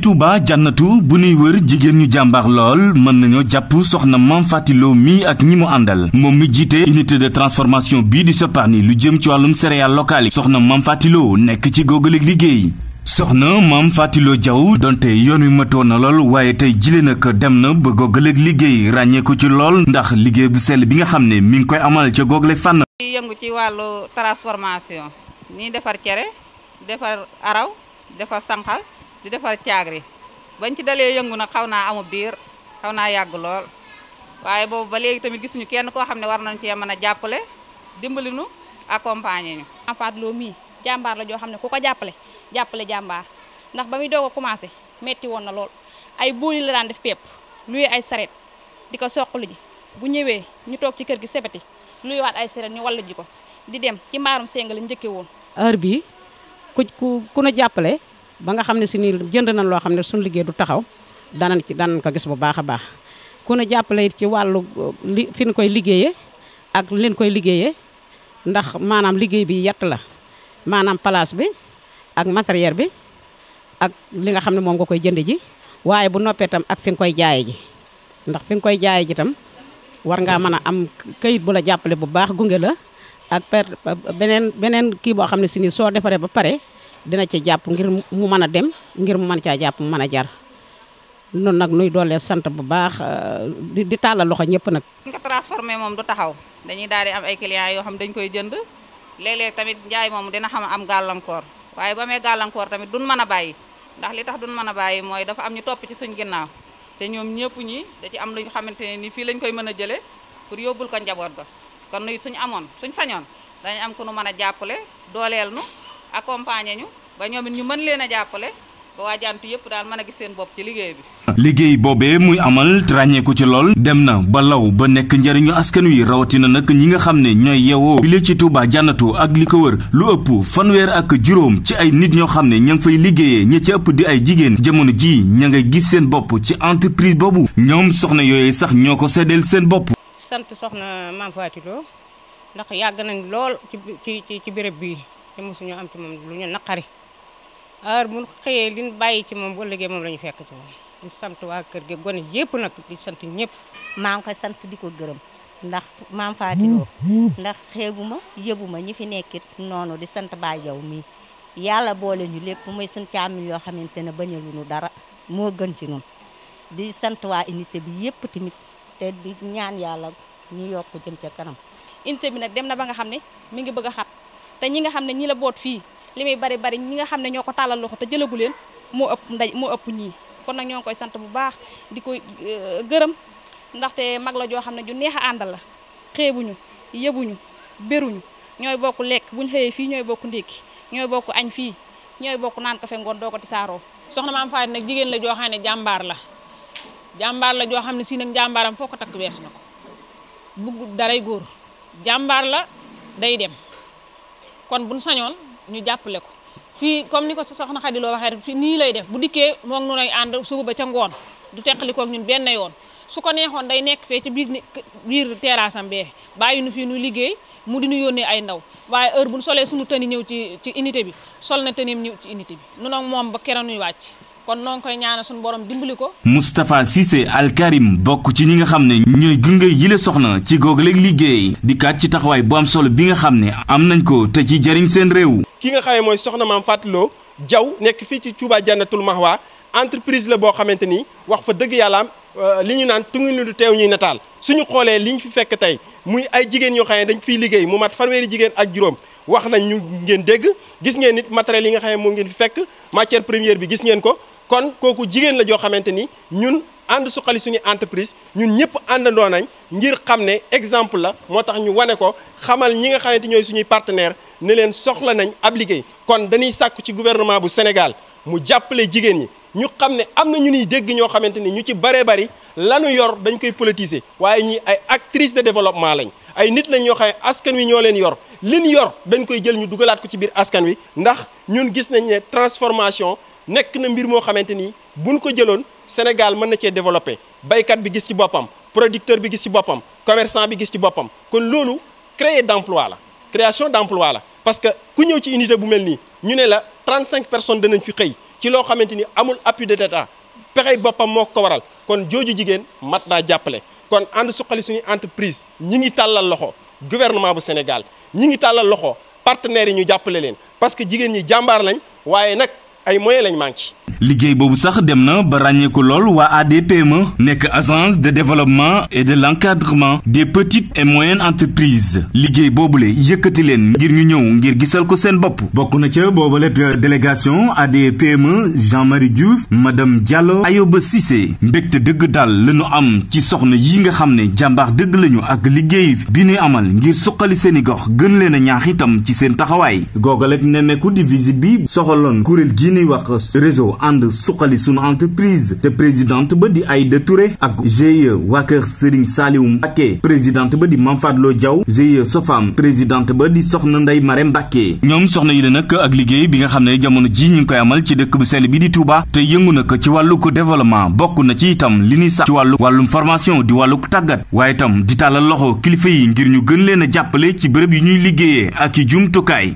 ci Touba jànnatu bu nuy wër jigéen ñu jàmbaax lool mën nañoo jàpp soxna Mame Faty Lo mi ak ñi mu àndal moom mu jiite unité de transformation bii di Sopparni lu jëm ci wàllum céréales locales yi soxna Mame Faty Lo nekk ci góogale liggéey soxna Mame Faty Lo Diaw donte yoon wi mëtoon na lool waaye tey jile nag dem na ba góogale liggéey ràññeeku ci lool ndax liggéey bu sell bi nga xam ne mi ngi koy amal ca góogale fànn. yëngu ci wàllu transformation ñuy defar cere defar araw di defar caagri bañ ci dalee yëngu nag xaw naa amu biir xaw naa yàgg lool waaye boobu ba léegi tamit gisuñu kenn koo xam ne war nañ cee mën a jàppale dimbali nu accompagner ñu. Faat Lo mii jàmbaar la joo xam ne ku ko jàppale jàppale jàmbaar ndax ba muy doog a commencé metti woon na lool ay buuni la daan def pepp luy ay saret di ko soqali ji bu ñëwee ñu toog ci kër gi sebeti luy waat ay saret ñu wallu ji ko di dem ci mbaarum seng la njëkke woon. heure bi ku ku ku jàppale. ba nga xam ne si nii jënd nañ loo xam ne suñu liggéey du taxaw danañ ci danañ ko gis bu baax a baax ku ne jàppale it ci wàllu uh, li ñu koy liggéeyee ak leen koy liggéeyee ndax maanaam liggéey bi yett la maanaam place bi ak matériel bi ak li nga xam ne moom nga koy jënd ji waaye bu noppee tam ak fi nga koy jaaye ji ndax fi nga koy jaaye ji tam war ngaa mën a am kayit bu la jàppale bu baax gunge la ak beneen beneen kii boo xam ne si nii soo defaree ba pare dina ci jàpp ngir mu mën a dem ngir mu mën caa jàpp mu mën a jar noonu nag nuy dooleel sant bu baax euh, di di tàllal loxo ñëpp nag. nga transformé moom du taxaw dañuy daal di am ay clients yoo xam dañ koy jënd léeg-léeg tamit njaay moom dina xam am gàllankoor waaye ba amee gàllankoor tamit duñ mën a bàyyi ndax li tax duñ mën a bàyyi mooy dafa am ñu topp ci suñ ginnaaw te ñoom ñëpp ñii da ci am lu ñu xamante ne ni fii lañ koy mën a jëlee pour yóbbul ko njaboot ga kon suñu amoon suñ sañoon mën a jàppale dooleel nu accompagner ñu ba ñoom ñu mën leen a jàppale ba waa Jantu yëpp daal mën a gis seen bopp ci liggéey bi. liggéey boobee muy amal ràññeeku ci lool dem na ba law ba nekk njëriñu askan wi rawatina nag ñi nga xam ne ñooy yewoo bile ci Touba Jannatu ak li ko wër lu ëpp fanweer ak juróom ci ay nit ñoo xam ne ña ngi fay liggéeyee ña ci ëpp di ay jigéen jamono jii ña ngay gis seen bopp ci entreprise boobu ñoom soxna yooyu sax ñoo ko seddeel seen bopp. sant soxna Mame ndax yàgg nañ lool ci ci ci béréb bii. te mosuñoo am ci moom lu ñu naqari heure bu xëyee liñ bàyyi ci moom bu ëllëgee moom la ñu fekk ci moom di sant waa kër gee gone yëpp nag di sant ñëpp. maa ngi koy sant di ko gërëm ndax maam Faati Lo ndax xeebuma yëbuma ñi fi nekkit noonu di sant baa yow mii yàlla boole ñu lépp mooy suñ càmmiñ yoo xamante ne bañaluñu dara moo gën ci ñun di sant waa unité bi yëpp tamit te di ñaan yàlla ñu yokk jëm ca kanam unité bi nag dem na ba nga xam ne mi ngi bëgg xat te ñi nga xam ne ñi la boot fii li muy bari bari ñi nga xam ne ñoo ko tàllal loxo te jëlagu leen moo ëpp ndaj moo ëpp ñi kon nag ñoo koy sant bu baax di koy euh, gërëm ndaxte mag la joo xam ne ju neex a àndal la xeebuñu yëbuñu béruñu ñooy bokk lekk buñ xëyee fii ñooy bokk ndékki ñooy bokk añ fii ñooy bokk naan kafe ngoon doo ko ti saaroo soxna maam Faati nag jigéen la joo xam jàmbaar la jàmbaar la joo xam ne si nag jàmbaaram foo ko takk wees na ko bugg daray góor jàmbaar la day dem kon bu buñ sañoon ñu jàppale ko fii comme ni ko soxna Xadi loo waxee rek fii nii lay def bu dikkee moom nu nay ànd suba ba ca ngoon du kook ñun benn yoon su ko neexoon day nekk fee ci biir biir terrasse am bee bàyyi nu fii nu liggéey mu di nu yónnee ay ndaw waaye heure bu nu solee suñu tëni ñëw ci ci unité bi sol na tëniam ñëw ci unité bi nu nag moom ba keroog nuy wàcc kon noo ngi koy ñaanal suñu borom dimbali ko. Moustapha Cissé Al Karim bokk ci ñi nga xam ne ñooy gunge yile soxna ci goog léeg liggéey di kat ci taxawaay bu am solo bi nga xam ne am nañ ko te ci jariñ seen réew. ki nga xamee mooy soxna maam loo Diaw nekk fii ci Touba Jannatul Mahwa entreprise la boo xamante ni wax fa dëgg yàlla am euh, li ñu naan tunguñu lu teew ñuy nataal ñu xoolee li ñu fi fekk tey muy ay jigéen yoo xam ne dañ fiy liggéey mu mat fanweeri jigéen ak juróom wax nañ ñu ngeen dégg gis ngeen nit matériel yi nga xam ne moom ngeen fi fekk matière première bi gis ngeen ko kon kooku jigéen la joo xamante ni ñun ànd suqali suñu entreprise ñun ñëpp àndandoo nañ ngir xam ne exemple la moo tax ñu wane ko xamal ñi nga xamante ñooy suñuy partenaire ne leen soxla nañ ab liggéey kon dañuy sàkku ci gouvernement bu Sénégal mu jàppale jigéen ñi ñu xam ne am na ñu ñuy dégg ñoo xamante ni ñu ci bëree bëri lanu yor dañ koy politiser waaye ñii ay actrice de développement lañ ay nit lañ ñoo xam ne askan wi ñoo leen yor lin yor dañ koy jël ñu dugalaat ko ci biir askan wi ndax ñun gis nañ ne transformation nekk na mbir moo xamante ni buñ ko jëloon Sénégal mën na cee développé baykat bi gis ci boppam producteur bi gis ci boppam commerçant bi gis ci boppam kon loolu créer d'emploi la création d'emploi la parce que ku ñëw ci unité bu mel nii ñu ne la cinq personne danañ fi xëy ci loo xamante ni amul appui de l'État pexey boppam moo ko waral kon jooju jigéen mat naa jàppale kon ànd suqali suñu entreprise ñi ngi tàllal loxo gouvernement bu Sénégal ñi ngi tàllal loxo partenaires yi ñu jàppale leen parce que jigéen ñi jàmbaar lañ waaye nag ay moyens lañ manqué liggéey boobu sax dem na ba ràññeeku lool waa ma nekk agence de développement et de l'encadrement des petites et moyennes entreprises liggéey boobule yëkkati leen ngir ñu ñëw ngir gisal ko seen bopp bokk na ca booba lépp délégation ADPME Jean-Marie Diouf madame Diallo Ayoba Cissé mbégte dëgg daal la nu am ci soxna yi nga xam ne jàmbaar dëgg lañu ak liggéey bi ñuy amal ngir suqali seeni gox gën leen a ñaax itam ci seen taxawaay googal ak nemmeeku di visite bi ànd suqali sunu entreprise te présidente ba di Aïda Touré ak GIE waa kër Serigne Saliou Mbacké présidente ba di Mame jaw Diaw GIE Sofam présidente ba di Soxna Ndeye Marème Mbacké ñoom soxna yi la nag ak liggéey bi nga xam ne jamono ji ñu ngi koy amal ci dëkk bu sell bi di Touba te yëngu ko ci wàllu ko développement bokk na ci itam li ñuy sax ci wàllu wàllum formation di wàllu tàggat waaye itam di tàllal loxo kilifa yi ngir ñu gën leen a jàppale ci bërëb yi ñuy liggéeyee ak i jumtukaay